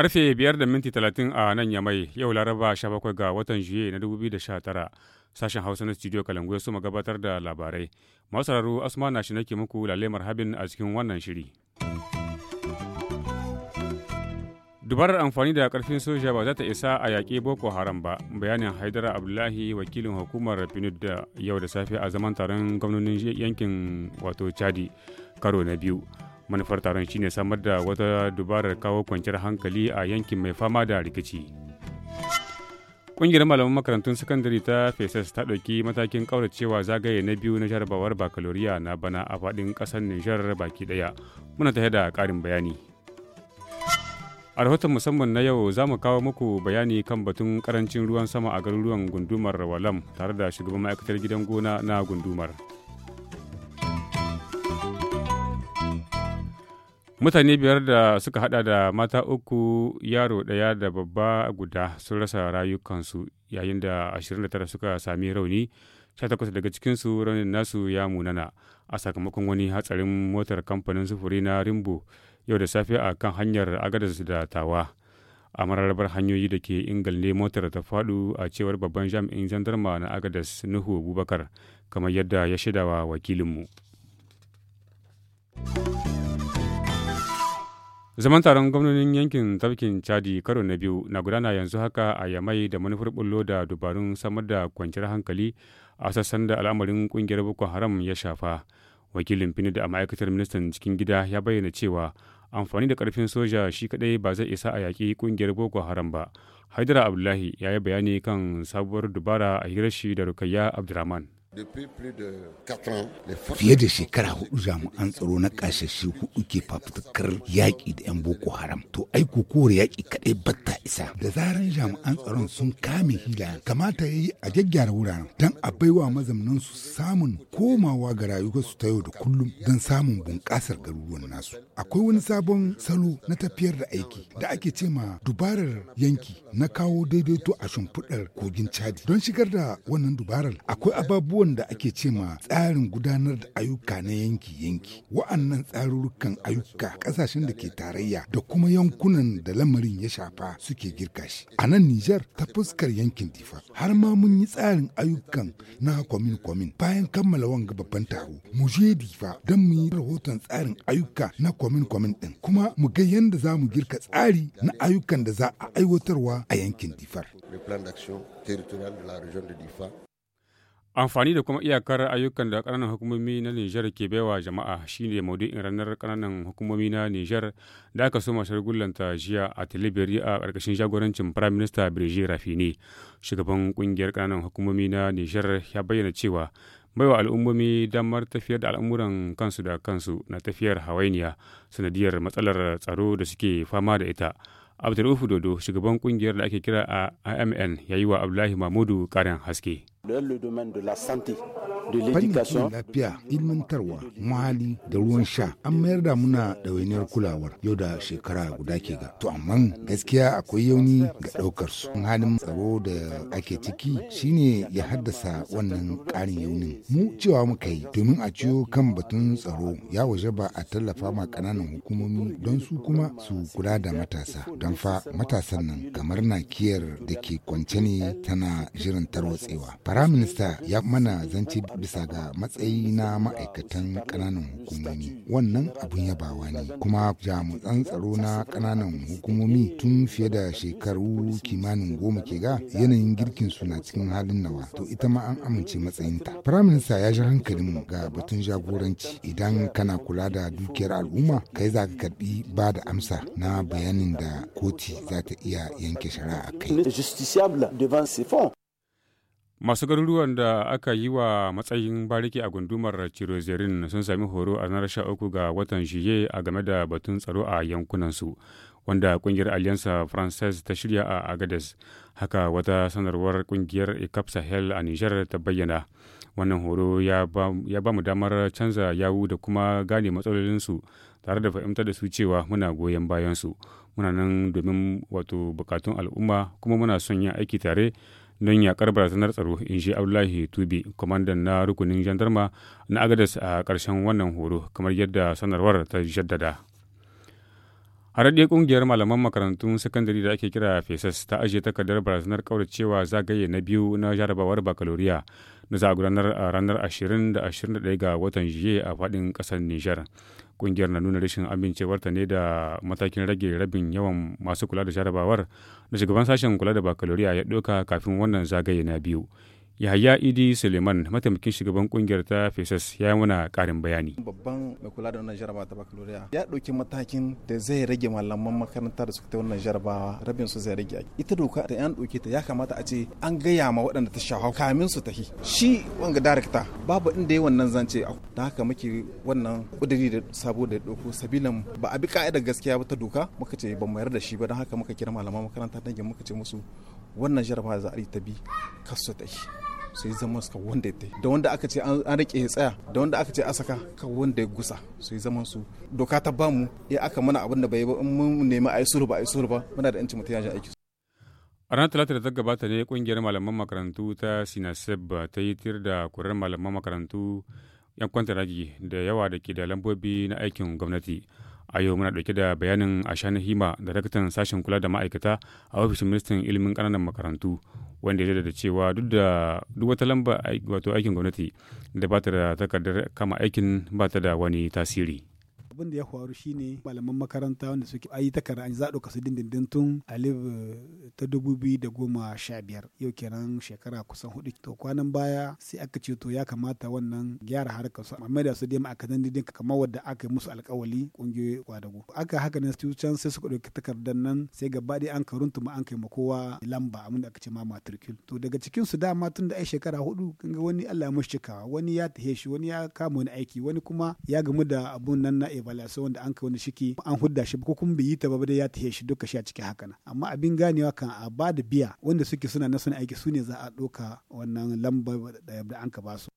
karfe 5 da minti talatin a nan yamai yau laraba 17 ga watan juye na 2019 sashen hausa na studio kalangu ya ma gabatar da labarai masu asma na shi nake muku lalemar habin a cikin wannan shiri. dubarar amfani da karfin soja ba za ta isa a yaƙi boko haram ba bayanin haidara abdullahi wakilin hukumar pinud da yau da safe a zaman taron gwamnonin yankin wato chadi karo na biyu manufar taron shine samar da wata dubarar kawo kwanciyar hankali a yankin mai fama da rikici ƙungiyar malaman makarantun sakandare ta fesas ta ɗauki matakin ƙauracewa zagaye na biyu na jarabawar bakaloriya na bana a faɗin ƙasar nijar baki ɗaya muna tare da ƙarin bayani a rahoton musamman na yau za mu kawo muku bayani kan batun karancin ruwan sama a garuruwan gundumar walam tare da shugaban ma'aikatar gidan gona na gundumar mutane biyar da suka hada da mata uku yaro daya da babba guda sun rasa rayukansu yayin da 29 suka sami rauni 18 daga cikinsu raunin nasu ya munana a sakamakon wani hatsarin motar kamfanin sufuri na rimbo yau da safe a kan hanyar agadas da tawa a mararrabar hanyoyi da ke ingal motar ta faɗu a cewar babban jami'in jandarma na agadas nuhu abubakar kamar yadda ya shaidawa wakilinmu zaman taron gwamnonin yankin tafkin chadi karo na biyu na gudana yanzu haka a yamai da manufar bullo da dubarun samar da kwanciyar hankali a sassan da al'amarin kungiyar boko haram ya shafa wakilin fini da ma'aikatar ministan cikin gida ya bayyana cewa amfani da karfin soja shi kadai ba zai isa a yaƙi kungiyar boko haram ba haidara abdullahi ya yi bayani kan sabuwar dubara a hirar shi da rukayya abdulrahman. Fiye da shekara hudu jami'an tsaro na kasashe hudu ke fafutukar yaƙi da 'yan Boko Haram. To ai kokowar yaƙi kaɗai batta isa. Da zaran jami'an tsaron sun kame hila kamata ya yi a gyaggyara wuraren don a baiwa mazamnan su samun komawa ga su ta yau da kullum don samun bunƙasar garuruwan nasu. Akwai wani sabon salo na tafiyar da aiki da ake ce ma dubarar yanki na kawo daidaito a shimfiɗar kogin Chad. Don shigar da wannan dubarar akwai ababuwa abubuwan da ake ce ma tsarin gudanar da ayyuka na yanki-yanki wa'annan tsarurrukan ayyuka ƙasashen da ke tarayya da kuma yankunan da lamarin ya shafa suke girka shi a nan nijar ta fuskar yankin difa har ma mun yi tsarin ayyukan na kwamin kwamin bayan kammala wanga babban taro mu je difa don mu yi rahoton tsarin ayyuka na kwamin kwamin din kuma mu ga yadda za mu girka tsari na ayyukan da za a aiwatarwa a yankin difar. amfani da kuma iyakar ayyukan da kananan hukumomi na nijar ke baiwa jama'a shine maudu'in ranar kananan hukumomi na nijar da aka soma ta jiya a tilibiri a ƙarƙashin jagorancin prime minister Brigitte rafini shugaban kungiyar ƙananan hukumomi na nijar ya bayyana cewa baiwa al'ummomi damar tafiyar da al'amuran kansu da kansu na tafiyar hawainiya sanadiyar matsalar tsaro da suke fama da ita abdulrufu dodo shugaban kungiyar da ake kira a imn ya yi wa abdullahi mahmudu ƙarin haske fannin lafiya ilmantarwa muhali da ruwan sha an mayar da muna ɗawainiyar kulawar yau da shekara guda ke ga to amma gaskiya akwai yauni ga ɗaukar su halin tsaro da ake ciki shine ya haddasa wannan ƙarin yaunin mu cewa muka yi domin a ciyo kan batun tsaro ya waje ba a tallafa ma ƙananan hukumomi don su kuma su kula da matasa don fa matasan nan kamar nakiyar da ke kwance ne tana jiran tarwatsewa faraminista ya mana zance bisa ga matsayi na ma'aikatan ƙananan hukumomi. Wannan abun yabawa ne, kuma jami'an tsaro na ƙananan hukumomi tun fiye da shekaru kimanin goma ke ga yanayin girkin su na cikin halin nawa. To ita ma an amince matsayinta. Firaminista ya ji mu ga batun jagoranci idan kana kula da dukiyar al'umma kai za ka karbi ba da amsa na bayanin da koti za ta iya yanke shari'a kai. masu garuruwan da aka yi wa matsayin bariki a gundumar cirozerin sun sami horo a ranar sha uku ga watan shiye a game da batun tsaro a yankunansu wanda kungiyar aliyansa frances ta shirya a agades haka wata sanarwar kungiyar ecap sahel a niger ta bayyana wannan horo ya ba mu damar canza yawu da kuma gane matsalolinsu tare da fahimtar da su cewa muna goyon bayansu muna nan domin wato bukatun al'umma kuma muna son yin aiki tare don yaƙar barazanar tsaro in ji abdullahi tubi kwamandan na rukunin jandarma na agadas a ƙarshen wannan horo kamar yadda sanarwar ta jaddada haɗaɗɗe ƙungiyar malaman makarantun sakandare da ake kira fesas ta ajiye takardar barazanar cewa zagaye na biyu na jarabawar bakaloriya na za ranar 20 da 21 ga watan jiye a faɗin ƙasar nijar Ƙungiyar na nuna rashin amincewarta ne da matakin rage rabin yawan masu kula da jarabawar da shugaban sashen kula da bakaloriya ya ɗauka kafin wannan zagaye na biyu. Yahaya Idi Suleiman mataimakin shugaban kungiyar ta FESAS ya mana karin bayani. Babban mai kula da wannan jarabawa ta Bakaloriya ya ɗauki matakin da zai rage malaman makaranta da suka ta wannan jarabawa rabin su zai rage. Ita doka da yan ɗauke ta ya kamata a ce an gaya ma waɗanda ta shafa kamin su tafi. Shi wanga darakta babu inda ya wannan zance da haka muke wannan ƙuduri da sabo da ɗauko sabilan ba a bi ka'idar gaskiya ba ta doka muka ce ban mayar da shi ba don haka muka kira malaman makaranta dangin muka ce musu wannan jarabawa za a yi ta bi kasu ta yi. sai zama su wanda ya da wanda aka ce an rike ya tsaya da wanda aka ce a saka ka wanda ya gusa sai zama su doka ta ba mu ya aka mana abin da bai ba in mun nemi a yi sulhu ba a yi sulhu ba muna da yancin mutum yajin ji aiki a ranar talata da ta gabata ne kungiyar malaman makarantu ta sinaseb ta yi tir da kurar malaman makarantu yan kwantaragi da yawa da ke da lambobi na aikin gwamnati a yau muna ɗauke da bayanin ashana hima daraktan sashen kula da ma'aikata a ofishin ministan ilimin ƙananan makarantu wanda ya da cewa duk da duk wata lamba wato aikin gwamnati da ba ta da takardar kama aikin ba ta da wani tasiri abin da ya faru shine malaman makaranta wanda suke ayi takarda an zaɗo kasu dindindin tun alif eh, ta dubu da goma sha biyar yau kenan shekara kusan hudu to kwanan baya sai aka ce to ya kamata wannan gyara harkar su amma da su dai dan dindin kamar wadda aka yi musu alkawali kungiyoyi kwadago aka haka ne su can sai suka ɗauki takardar nan sai gaba ɗaya an karuntu ma an kai ma kowa lamba abin da aka ce ma matrikul to daga cikin su dama tun da ai shekara hudu kin ga wani Allah ya mushi wani ya tahe shi wani ya kama wani aiki wani kuma ya gamu da abun nan na sai wanda an kai wani shiki an hudda shi ko kuma bai yi ta ba dai ya tahe shi duka shi a cikin haka amma abin ganewa kan a ba da biya wanda suke suna na suna aiki su ne za a ɗauka wannan lambar da an ka ba su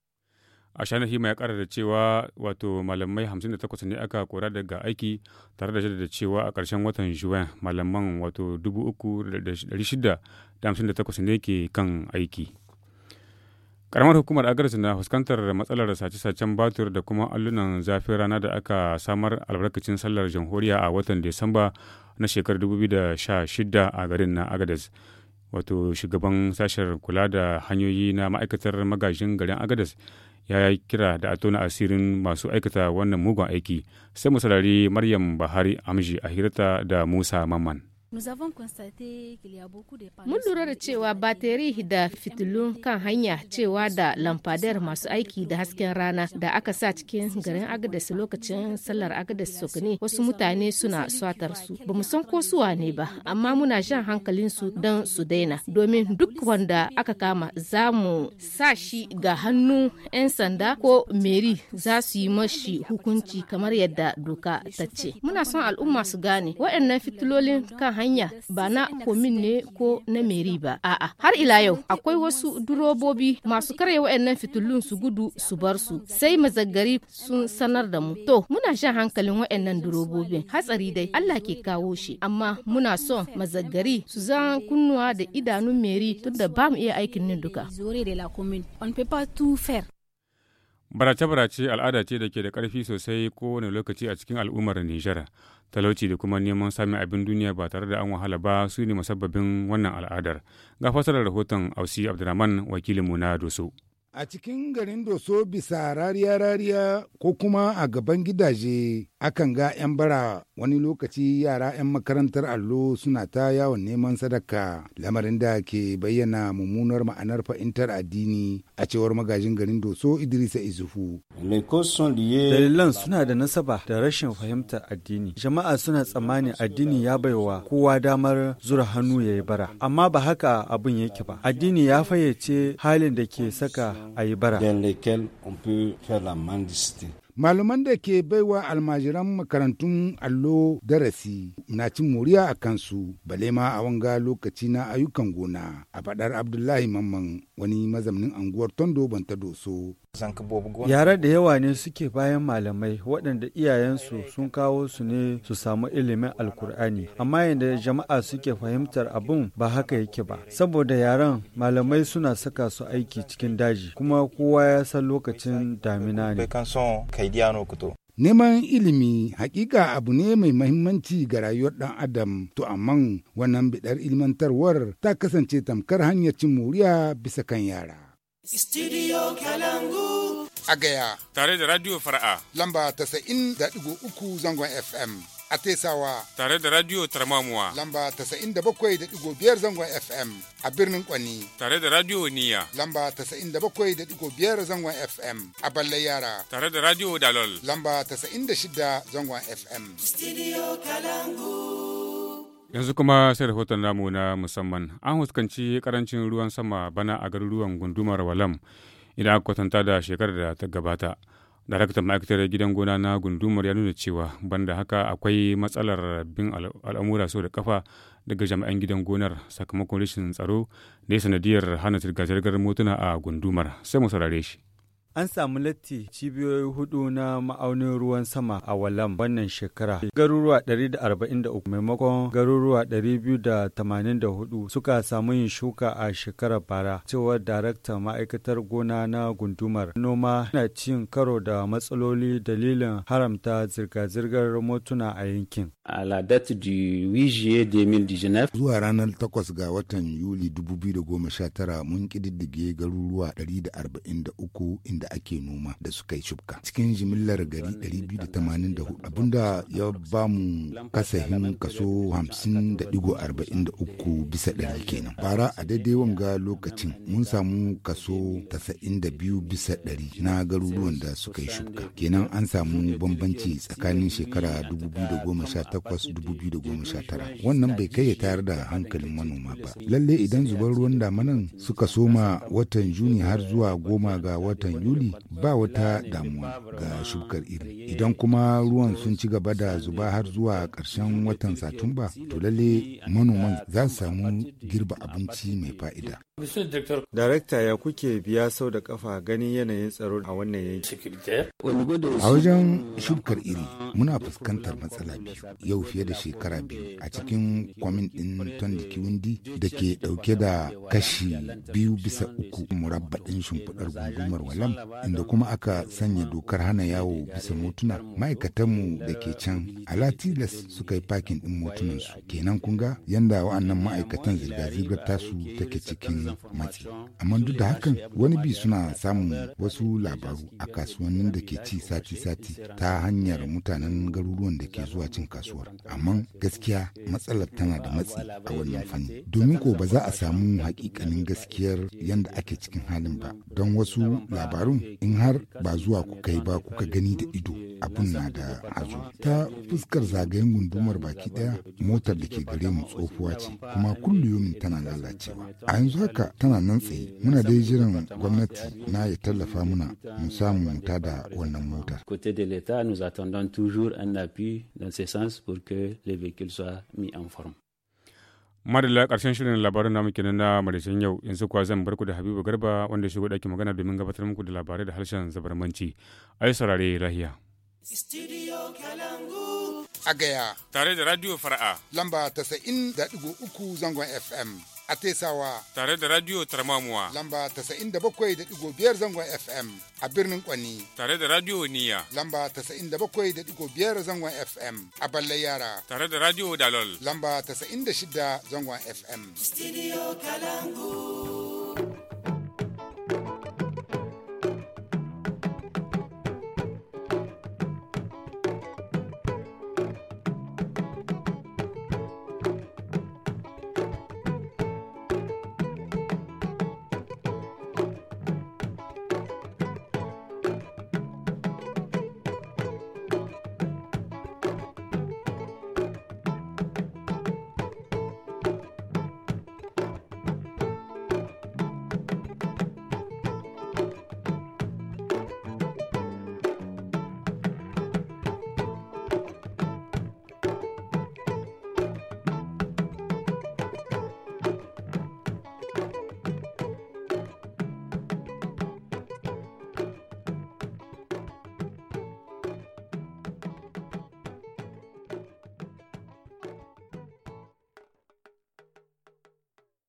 a shanar hima ya kara da cewa wato malamai 58 ne aka kora daga aiki tare da shaida da cewa a ƙarshen watan juwa malaman wato 3,658 ne ke kan aiki. karamar hukumar agarsu na fuskantar matsalar sace-sacen batur da kuma allunan zafin rana da aka samar albarkacin sallar jamhuriya a watan disamba na shekarar 2016 a garin na agadez wato shugaban sashen kula da hanyoyi na ma'aikatar magajin garin agadez ya yi kira da a tona asirin masu aikata wannan mugun aiki sai mu maryam bahari amji a da musa mamman Mun lura da cewa bateri da fitilun kan hanya cewa da lamfadar masu aiki da hasken rana da aka sa cikin garin Agadas lokacin sallar Agadas Sokane wasu mutane suna swatar su. Ba mu san kosuwa ne ba, amma muna shan hankalin su don su daina. Domin duk wanda aka kama za mu sa shi ga hannu 'yan sanda ko meri za su yi mashi hukunci kamar yadda doka ta ce. Muna son al'umma su gane waɗannan fitilolin kan hanya hanya ba na komin ne ko na meri ba a'a har ila yau akwai wasu durobobi masu karya wayannan fitilun su gudu su bar su sai mazaggari sun sanar da mu to muna shan hankalin wayannan durobobin hatsari dai Allah ke kawo shi amma muna son mazaggari su zan kunnuwa da idanun meri tunda ba mu iya aikin nin duka. Barace-barace al'ada ce da ke da ƙarfi sosai kowane lokaci a cikin al'ummar Nijar. Talauci da kuma neman sami abin duniya ba tare da an wahala ba su ne musabbabin wannan al'adar. Ga fasarar rahoton Ausi Abdulrahman wakilinmu na Doso. A cikin garin Doso bisa rariya-rariya ko kuma a gaban gidaje akan ga 'yan bara wani lokaci yara 'yan makarantar allo suna ta yawon neman sadaka lamarin da ke bayyana mummunar ma'anar fahimtar addini a cewar magajin garin Doso Idrisa Izufu. Dalilan suna da nasaba da rashin fahimtar addini. Jama'a suna tsammani addini ya baiwa kowa damar zura hannu ya yi bara. Amma ba haka abin yake ba. Addini ya fayyace halin da ke saka a yi bara. Malaman da ke baiwa almajiran makarantun allo darasi na cin moriya a kansu bale ma a wanga lokaci na ayyukan gona a faɗar Abdullahi Mamman wani mazamnin anguwar Tondo Banta Doso Yara da yawa ne suke bayan malamai waɗanda iyayensu sun kawo su ne su samu ilimin alkur'ani amma yadda jama'a suke fahimtar abun ba haka yake ba saboda yaran malamai suna saka su aiki cikin daji kuma kowa ya san lokacin damina ne. Neman ilimi hakika abu ne mai mahimmanci ga rayuwar dan adam to amman wannan bidar ilmantarwar ta kasance tamkar hanyar cin moriya bisa kan yara. Studio Kalangu. A gaya. Tare da Radio Fara'a. Lamba tasa'in da ɗigo uku zangon FM. A Tesawa. Tare da Radio Tarmamuwa. Lamba tasa'in da bakwai da ɗigo biyar zangon FM. A birnin Kwani. Tare da Radio Niya. Lamba tasa'in da bakwai da ɗigo biyar zangon FM. A Balle Yara. Tare da Radio Dalol. Lamba tasa'in da shida zangon FM. Studio Kalangu. Yanzu kuma sai rahoton namu na musamman an huskanci karancin ruwan sama bana a garuruwan gundumar Walam idan aka kwatanta da shekarar da ta gabata. Daraktan ma'aikatar gidan gona na gundumar ya nuna cewa banda haka akwai matsalar bin al'amura sau da kafa daga jami'an gidan gonar sakamakon rashin tsaro da ya sanadiyar hana zirga-zirgar motuna a gundumar sai mu saurare shi. An samu latti cibiyoyi hudu na ma'aunin ruwan sama a Walam wannan shekara. Garuruwa 143 maimakon garuruwa 284 suka samu yin shuka a shekarar bara. Cewar daraktan ma'aikatar gona na gundumar noma na cin karo da matsaloli dalilin haramta zirga-zirgar motuna a yankin. a la date du 8 juillet 2019 zuwa ranar 8 ga watan yuli 2019 mun kididdige garuruwa 143 inda ake noma da suka yi shubka cikin jimillar gari 284 abinda ya ba mu kasahin kaso 50.43 bisa ɗari kenan bara a daidai wanga lokacin mun samu kaso 92 bisa ɗari na garuruwan da suka yi shubka kenan an samu bambanci tsakanin shekara 2019 sha tara, wannan bai kai ya tayar da hankalin manoma ba lalle idan zubar ruwan damanan suka soma watan juni har zuwa goma ga watan yuli ba wata damuwa ga shukar iri idan kuma ruwan sun ci gaba da zuba har zuwa ƙarshen watan satumba to lalle manoman za su samu girba abinci mai fa'ida darakta ya kuke biya sau da kafa ganin yanayin tsaro a wannan yanki a wajen shukar iri muna fuskantar matsala biyu yau fiye da shekara biyu a cikin kwamin ɗin tondi da ke ɗauke da kashi biyu bisa uku murabbaɗin shimfiɗar gungumar walam inda kuma aka sanya dokar hana yawo bisa motuna ma'aikatanmu da ke can alatilas suka yi fakin ɗin motunansu kenan kun ga yanda wa'annan ma'aikatan zirga-zirgar tasu take cikin matsi amma duk da hakan wani bi suna samun wasu labaru a kasuwannin da ke ci sati-sati ta hanyar mutanen garuruwan da ke zuwa cin kasuwa kasuwar amma gaskiya matsalar tana da matsi a wannan fanni domin ko ba za a samu hakikanin gaskiyar yadda ake cikin halin ba don wasu labarun in har ba zuwa kuka yi ba kuka gani da ido kunna na da hazo ta fuskar zagayen gundumar baki daya motar da ke gare mu tsofuwa ce kuma kulliyomin tana lalacewa a yanzu haka tana nan tsaye muna dai jiran gwamnati na ya tallafa muna mu samu mu da wannan motar côté de l'état nous attendons toujours un appui dans ce sens pour que les véhicules soit mis en forme madalla karshen shirin labarin namu kenan na madashin yau yanzu kuwa zan barku da habibu garba wanda shigo ɗakin magana domin gabatar muku da labarai da harshen zabarmanci ai saurare lahiya Studio Kalangu. A gaya. Tare da Radio Fara'a. Lamba tasa'in da digo uku zangon FM. A Tesawa. Tare da Radio Tarmamuwa. Lamba tasa'in da bakwai da digo biyar zangon FM. A birnin Kwani. Tare da Radio Niya. Lamba tasa'in da bakwai da digo biyar zangon FM. A Ballai Yara. Tare da Radio Dalol. Lamba tasa'in da shida zangon FM. Studio Kalangu.